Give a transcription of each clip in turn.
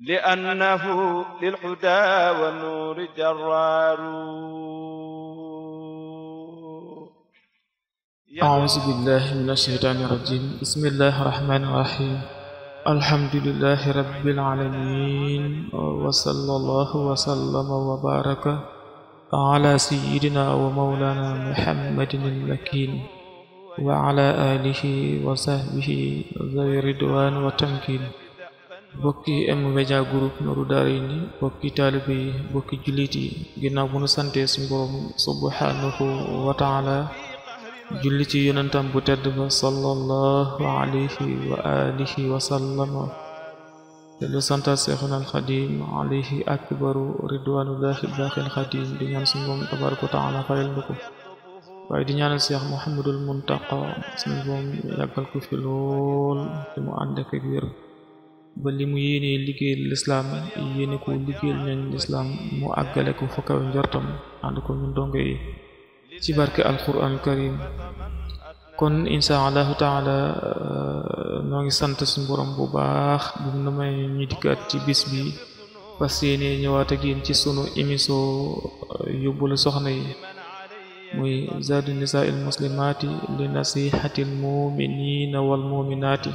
لأنه للحدى والنور جرار أعوذ بالله من الشيطان الرجيم بسم الله الرحمن الرحيم الحمد لله رب العالمين وصلى الله وسلم وبارك على سيدنا ومولانا محمد المكين وعلى آله وصحبه ذوي الرضوان والتمكين bokki M-Media Group Nourou Darayni bokki taalibe bokki jullit yi ginnaaw bu nu sante suñu borom subhanahu wa taala julli ci bu tedd ba sallallahu alayhi wa alihi wa sallama dellu santa seexuna alxadim alayhi akbaru ridwanullahi baaxil xadim di ñaan suñu moom wa taala fayal nu ko waaye di ñaanal seex muhammadul muntaqa suñu moom ko fi lool te mu ànd ak wér ba li mu yéenee liggéeyal lislaam yéene ko liggéeyal ñooñ lislaam mu àggale ko fa kawe njortam ànd ko ñun dongo yi ci barke alquran karim kon insha allahu taala euh, noo ngi sant suñu borom bu baax bu mu may ñu dikkaat ci bis bi parce que yéene ñëwaat ci sunu émission euh, yóbbalu soxna yi muy zaadu nisaa il muslimaati li nasihatil muminina wal muminaati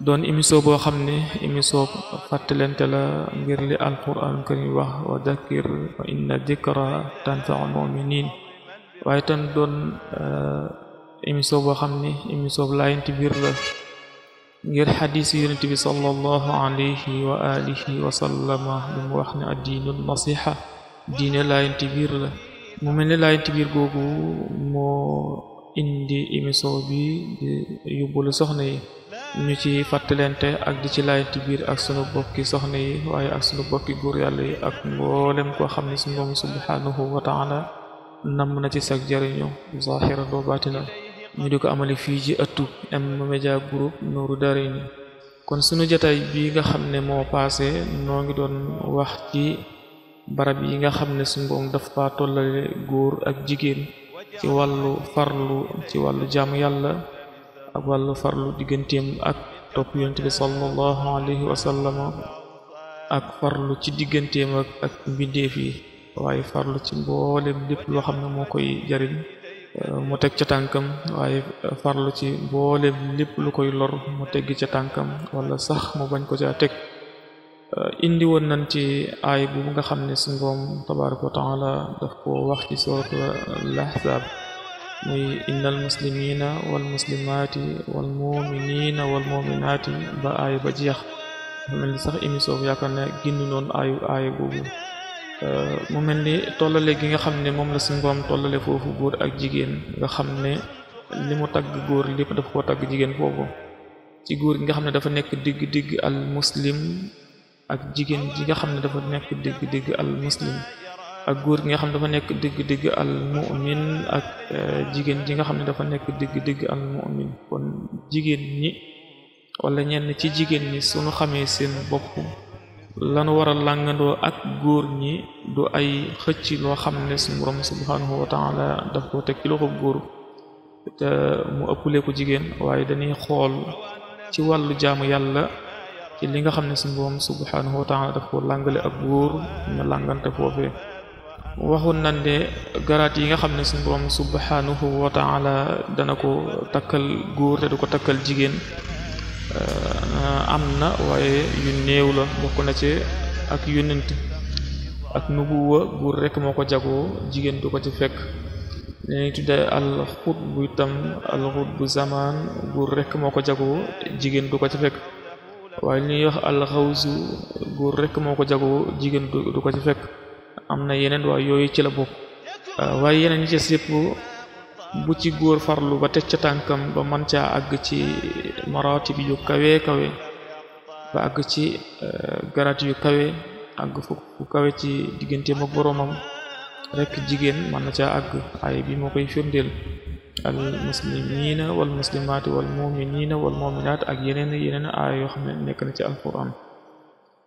doon émission boo xam ne émission fàttalente la ngir li alquran karim wax wa dakir wa inna dikra tanfau muminin waaye doon eh, émission boo xam ne émission laayante biir la ngir xadis yi yonent bi sallallahu alayhi wa alihi wa sallama lu mu wax nasiha diine laayante biir la mu mel ne laayante googu moo indi émission bi di soxna yi ñu ci fàttalente ak di ci laajte biir ak sunu bokki soxna yi waaye ak sunu bokki góor yàlla yi ak mboolem koo xam ne sunu moom subhanahu wa taala namm na ci sag jëriñu zahira doo baatina ñu di ko amale fii ci ëttu M-Media Group Nourou Darayni kon sunu jataay bi nga xam ne moo paase noo ngi doon wax ci barab yi nga xam ne sunu moom dafa tollale góor ak jigéen ci wàllu farlu ci wàllu jaamu yàlla ak farlu digganteem ak topp yonent bi sallallahu alayhi wa ak farlu ci digganteem ak ak mbindeef yi waaye farlu ci mboolem lépp loo xam ne moo koy jariñ euh, mu teg ca tànkam waaye farlu ci mboolem lépp lu koy lor mu teg ca tànkam wala sax moo bañ ko ca teg euh, indi woon nañ ci aay bu nga xam ne suñu Boroom tabaaraka wa taala daf ko wax ci sooratul Ahzab muy innal muslimina wal muslimaati wal muminina wal muminaati ba aaya ba jeex mu mel ni sax émission bi yaakaar ne génn noonu aayu aaya boobu euh, mu mel ni tollale gi nga xam ne moom la suñu borom tollale foofu góor ak jigéen nga xam ne li mu tagg góor lépp dafa ko tagg jigéen foofu ci góor gi nga xam ne dafa nekk digg-digg al muslim ak jigéen ji nga xam ne dafa nekk digg-digg al muslim ak góor gi nga xam ne dafa nekk digg-digg al mu'min ak eh, jigéen ji nga xam ne dafa nekk digg-digg al mu'min kon jigéen ñi wala ñenn ci jigéen ñi suñu xamee seen bopp lanu wara làngandoo ak góor ñi du ay xëcc loo xam ne suñu borom subhanahu wa taala daf ko teg ci loxo góor te mu ëpplee ko jigéen waaye dañuy xool ci wàllu jaamu yàlla ci li nga xam ne suñu borom subhanahu wa taala daf ko làngale ak góor ñu làngante foofee waxoon nañ ne garaat yi nga xam ne suñu borom subhanahu wa taala dana ko takkal góor te du ko takkal jigéen eh, am na waaye yu néew la bokk na ci ak yonent ak nubuwa góor rekk moo ko jagoo jigéen du ci fekk dañuy tuddee al xut bu itam al xut góor rekk moo ko jagoo jigéen du ko ci fekk waaye li ñuy wax al xawsu moo ko jago jigéen du ko ci fekk am na yeneen waaye yooyu ci la bokk euh, waaye yeneen yi ci yëpp bu ci góor farlu ba teg ca tànkam ba man caa agg ci maratib yu kawe kawe ba àgg ci euh, garat yu kawe àgg fu kawe ci digganteem ak boroomam rekk jigéen man na ca àgg ay bi moo koy firndeel al muslimina wal muslimaati wal muminina wal muminaat ak yeneen yeneen aay yoo xam ne nekk na ci alquran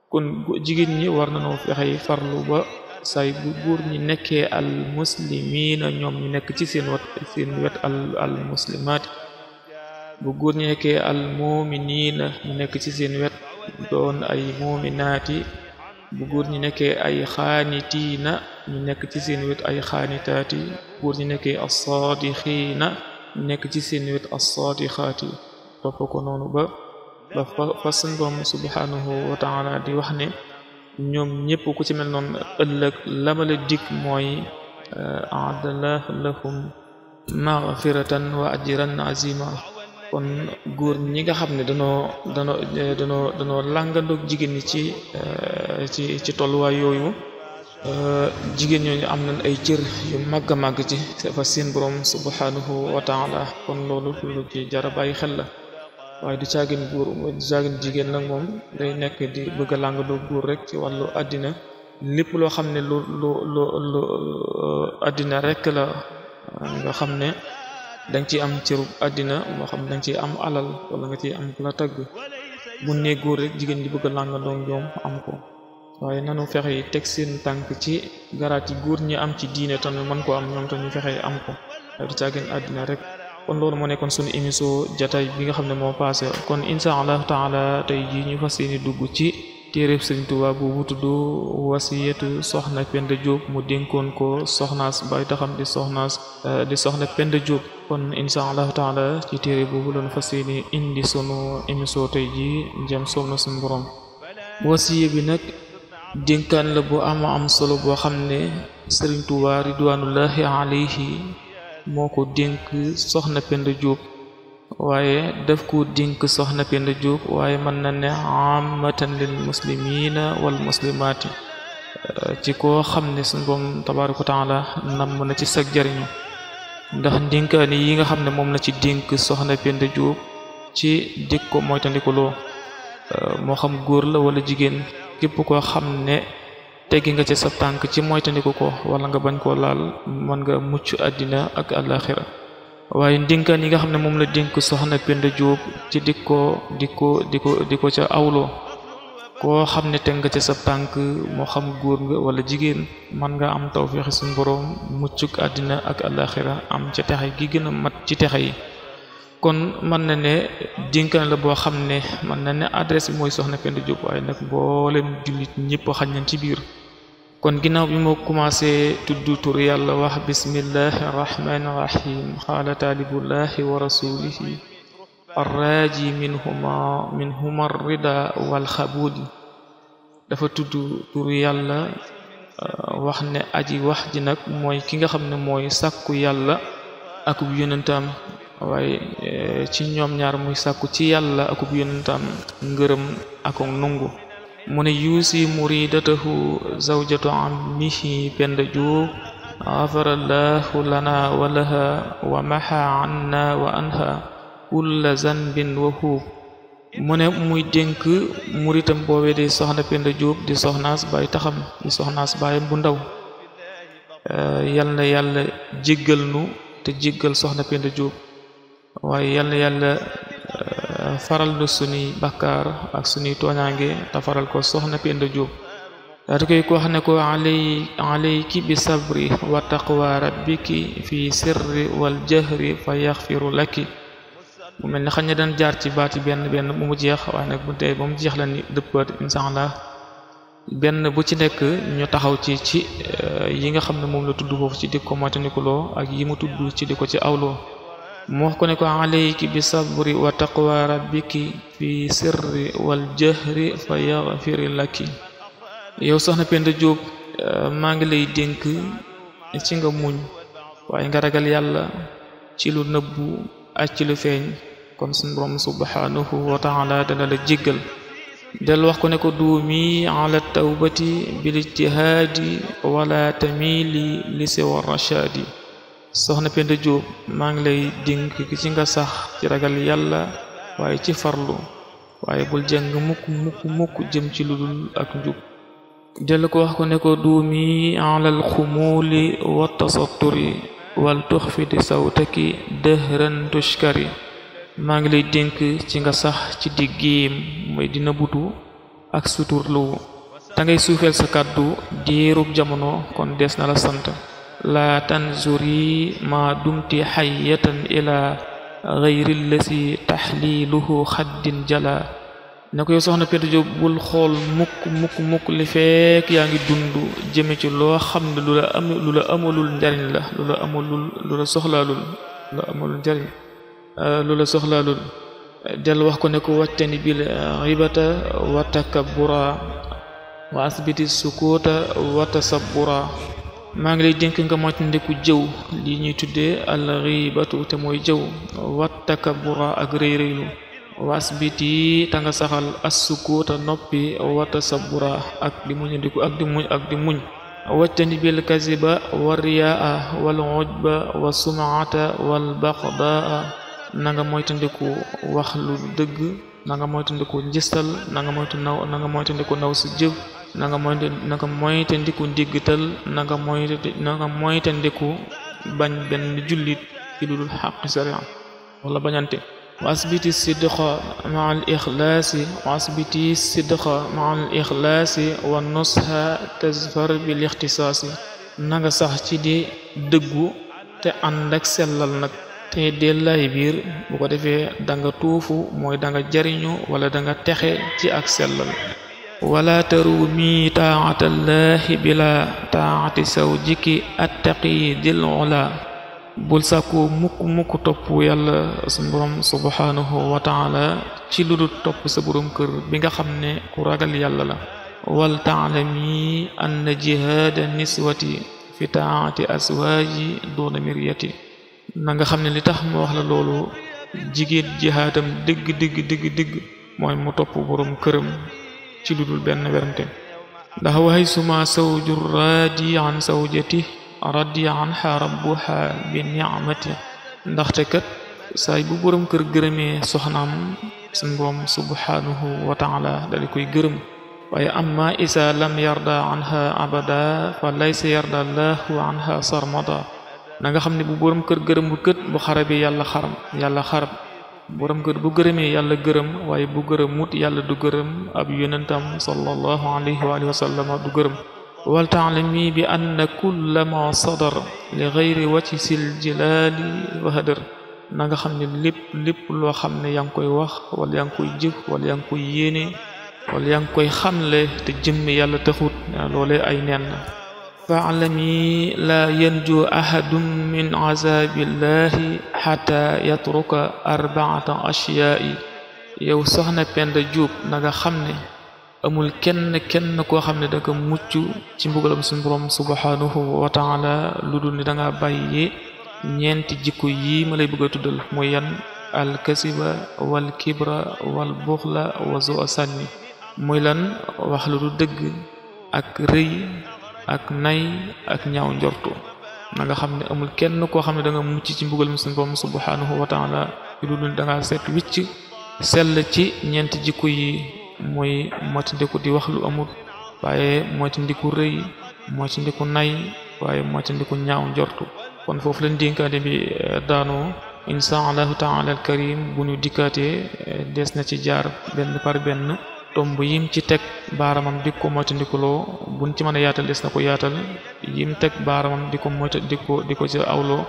kon jigéen ñi war nañoo fexe farlu ba say bu buur ñi nekkee al muslimiina ñoom ñu nekk ci seen wet seen wet al al muslimaat bu góor ñi nekkee al muuminiina ñu nekk ci seen wet doon ay muuminaati bu góor ñi nekkee ay xaanitiina ñu nekk ci seen wet ay xaanitaati bu góor ñi nekkee assaadixiina ñu nekk ci seen wet assaadixaati topp ko noonu ba ba fa sun boom subhaanahu wa di wax ne ñoom ñëpp ku ci mel noonu ëllëg lamala dig mooy euh, adala lahum maghfiratan wa ajran azima kon góor ñi nga xam ne danoo danoo euh, danoo danoo làngandoog jigéen ñi ci euh, ci ci tolluwaay yooyu jigéen ñooñu am nañ ay cër yu màgg a màgg ci fa seen borom subhanahu wa taala kon loolu lu ci jara bàyyi xel la waaye du caagin góor du caagin jigéen nag moom day nekk di bëgg a làngandoo góor rek ci wàllu àddina lépp loo xam ne lu lu lu lu uh, àddina rek la uh, nga xam ne danga ci am cërub àddina moo xam ne dañ ciy am alal wala nga ciy am ku la tagg bu nee góor rek jigéen di bëgg làngandoo ñoom am ko waaye nanu fexe yi teg seen tànk ci garaat yi góor ñi am ci diine tan man koo am ñoom te ñu fexe am ko waaye du caagin àddina rek kon loolu moo nekkoon sunu émission jataay bi nga xam ne moo passé kon insha allahu taala tey jii ñu fas yéene dugg ci téereb Sëriñ Tuubaa boobu tudd wasiyatu soxna Penda Diop mu dénkoon ko soxnaas bay taxam di soxnaas euh, di soxna Penda Diop kon insha allahu taala ci téere boobu lañu fas yéene indi sunu émission tey jii jëm soob na suñu borom bi nag dénkaan la bu am am solo boo xam ne Sëriñ Tuubaa ridwanullahi moo ko dénk soxna Penda Diop waaye def ko dénk soxna Penda juub waaye mën na ne amatan lil muslimina wal muslimaati euh, ci koo xam ne suñu boom tabaaraka wa taala namm na ci sag jariñu ndax ndénkaani yi nga xam ne moom la ci dénk soxna Penda Diop ci dikk ko mooy moo xam góor la wala jigéen képp koo xam ne teggi nga ci sa tànk ci moytandiku ko wala nga bañ koo laal mën nga mucc àddina ak àllaaxira waaye ndinkaan yi nga xam ne moom la dénk soxna Penda Jóob ci di ko di ko di ko ca awloo koo xam ne teg nga ca sa tànk moo xam góor nga wala jigéen mën nga am tawféexi suñu boroom muccuk àddina ak àllaaxira am ca texe gi gën a mat ci texe yi kon mën na ne dénkaan la boo xam ne mën na ne adresse mooy soxna Penda Jóob waaye nag mboolem jullit ñëpp xañ ci biir kon ginnaaw bi moo commencé tudd tur yàlla wax bismillahi arrahmani irrahim xaala taalibullahi wa rasulihi arraji minhuma minhuma rida walxabuudi dafa tudd tur yàlla euh, wax ne aji wax ji nag mooy ki nga xam ne mooy sakku yàlla akub yonentam waaye euh, ci ñoom ñaar mooy sakku ci yàlla akub yonentam ngërëm ak nungu mu ne yuusi muridatahu zawjatu ammihi penda juuf xafarallahu lana wa wa maha anna wa anha kulla zanbin wa mu ne muy dénk muritam boobee di soxna penda juuf di soxnaas baay taxam di soxnaas baayam bu ndaw eh, yal na yàlla jéggal nu soxna penda juuf waaye yal na faral do sunuy bakkaar ak sunuy tooñaange te faral ko soxna Penda Diop daadi koy ko wax ko alay alayki bi sabri wa taqwa rabbiki fi sirri wal jahri fa yaxfiru laki mu mel ni xañ ne daan jaar ci baati benn benn bu mu jeex waaye nag bu mu jeex la ni dëppaat insha benn bu ci nekk ñu taxaw ci ci eh, yi nga xam ne moom la tudd foofu ci di ko moytandikuloo ak yi mu tudd ci di ko ci awloo mu wax ko ne ko alayki bi sabri wa taqwa rabbiki fi sirri wal jahri fa yaghfir laki yow soxna Penda Diop euh, maa ngi lay dénk ci nga muñ waaye nga ragal yàlla ci lu nëbbu ak ci lu feeñ kon suñu borom subhanahu wa taala dana la jéggal del wax ko ne ko duumi ala tawbati bil wala tamili li siwa rashaadi soxna Penda Diop maa ngi lay dénk ci nga sax ci ragal yàlla waaye ci farlu waaye bul jàng mukk mukk mukk jëm ci lu ak njub dellu ko wax ko ne ko duumi alal xumuuli wa tasatturi wal tuxfidi sawtaki dëhran tushkari maa ngi lay dénk ci nga sax ci diggeem mooy dina butu ak suturlu te ngay suufeel sa kàddu diirub jamono kon des na la sant la tanzuri ma dumti xayatan ila ghayril taxliluhu xaddin jala ne ko soxna Penda Diop bul xool mukk mukk li fekk yaa ngi dund jëme ci loo xam ne lu la am lu la amalul njariñ la lu la amalul lu la euh, wax ko ne ko wàccani bil ribata wa takabbura wa asbiti sukuta wa tasabbura maa ngi lay dénk nga moytandiku jëw li ñuy tuddee alxiibatu te mooy jëw wat takabura ak rëy rëylu wasbiti ta nga saxal assukuuta noppi wata sabura ak di ak di muñ ak di muñ wattani bil kaziba wa riyaa wal ujba wa sumaata wal baxdaa na nga moytandiku wax lu dëgg na nga moytandiku njistal na nga moytu naw na nga moytandiku naw si jëf na nga moyta na nga moytandiku ndiggital na nga moyta na bañ benn jullit ci lu dul xaqi sariya wala bañante wasbiti sidqa ma al ma al ixlaasi wa nusha tazfar bil ixtisaasi na sax ci di dëggu te ànd ak sellal nag te del lay biir bu ko defee danga tuufu mooy danga jariñu wala danga texe ci ak sellal wala tarumi taatallaahi bila taati sawjiki attaqiyi dil ula bul sàkku mukk mukk topp yàlla suñu borom subhanahu wa taala ci lu dul topp sa borom kër bi nga xam ne ku ragal yàlla la wal taalami ann jihaada niswati fi taati aswaaji doona miryati na nga xam ne li tax ma wax la loolu jigéen jihaadam dëgg dëgg dëgg dëgg mooy mu topp borom këram ci lu dul benn werante ndax waxay suma sawju radi an sawjati radi anha rabbuha bi ni'mati ndaxte kat saay bu borom kër gërëmee soxnaam sun borom subhanahu wa taala dali koy gërëm waaye amma isa lam yarda anha abada fa laysa yarda laahu xa sarmada na xam ne bu borom kër gërëmul kët bu xarabi yàlla xarab borom kër bu gërëmee yàlla gërëm waaye bu gërëmut yàlla du gërëm ab yonentam sallallahu alayhi wa alihi wa sallam du gërëm waltaalami bi anna kulla ma sadar li gayri wacci sil jilaali wahadar na nga xam ne lépp lépp loo xam ne yaa ngi koy wax wala yaa ngi koy jëf wala yaa ngi koy yéene wala yaa ngi koy xamle te jëmm yàlla taxut loolee ay neen faalami la yanju ahadun min azabillahi xata yatruka arbaata ashyaai yow soxna Penda Diop na nga xam ne amul kenn kenn koo xam ne danga mucc ci mbugalam suñu borom subhanahu wa taala lu dul ni danga bàyyi ñeenti jikko yi ma lay bëgg a tuddal mooy yan alkasiba wal kibra wal buxla wa zo sanni muy lan wax lu dëgg ak rëy ak nay ak ñaaw njortu na nga xam ne amul kenn koo xam ne danga nga mucc ci mbugal mu seen borom subhanahu wa taala ci lu dul da nga seet wicc sell ci ñeenti jikko yi mooy moytandiku di wax lu amul waaye moytandiku rëy moytandiku nay waaye moytandiku ñaaw njortu kon foofu lañ dénkaane bi eh, daanoo insha allahu taala al karim bu ñu dikkaatee eh, des na ci jaar benn par benn tomb yim ci teg baaramam di ko moytandikuloo buñ ci mën yaatal des na ko yaatal yim teg baaramam di ko moyta di ko di ko ci awloo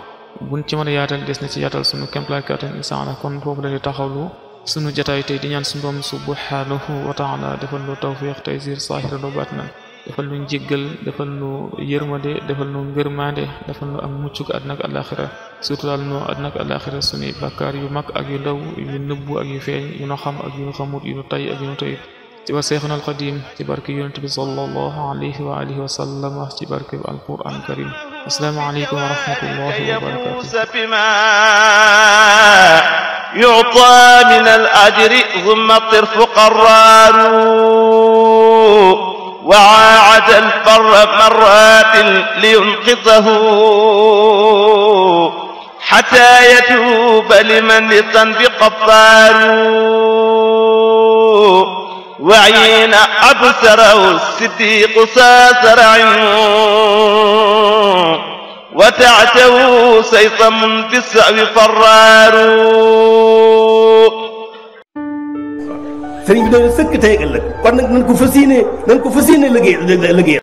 buñ ci mën a yaatal des na ci yaatal sunu kemplaay kàttan insana kon foofu lañu taxawlu sunu jataay tey di ñaan sunu borom subhanahu wa taala defal lu tawfiq tey siir a lu baat na defal nu njéggal defal nu yërmande defal nu ngërmande defal nu ak mucc ko àddina ak àllaaxira suturaal nu àddina ak àllaaxira sunuy bàkkaar yu mag ak yu ndaw yu nëbbu ak yu feeñ yu nu xam ak yu nu xamut yu nu tay ak yu nu tayut ci ba seexuna alxadim ci barke yonent bi sallallahu alayhi wa alihi wa sallam ci barke bi alquran karim assalaamu aleykum wa rahmatullahi wa barakatuh يعطى من الأجر ثم الطرف قران وعاعد البر مرات لينقذه حتى يتوب لمن للذنب قطار وعين أبصره الصديق ساسر وتعته سيطم بالسعو فرار sëriñ bi doon sëkk tey ak ëllëg kon nag nañ ko fas yéene nañ ko fas yéene liggéey liggéey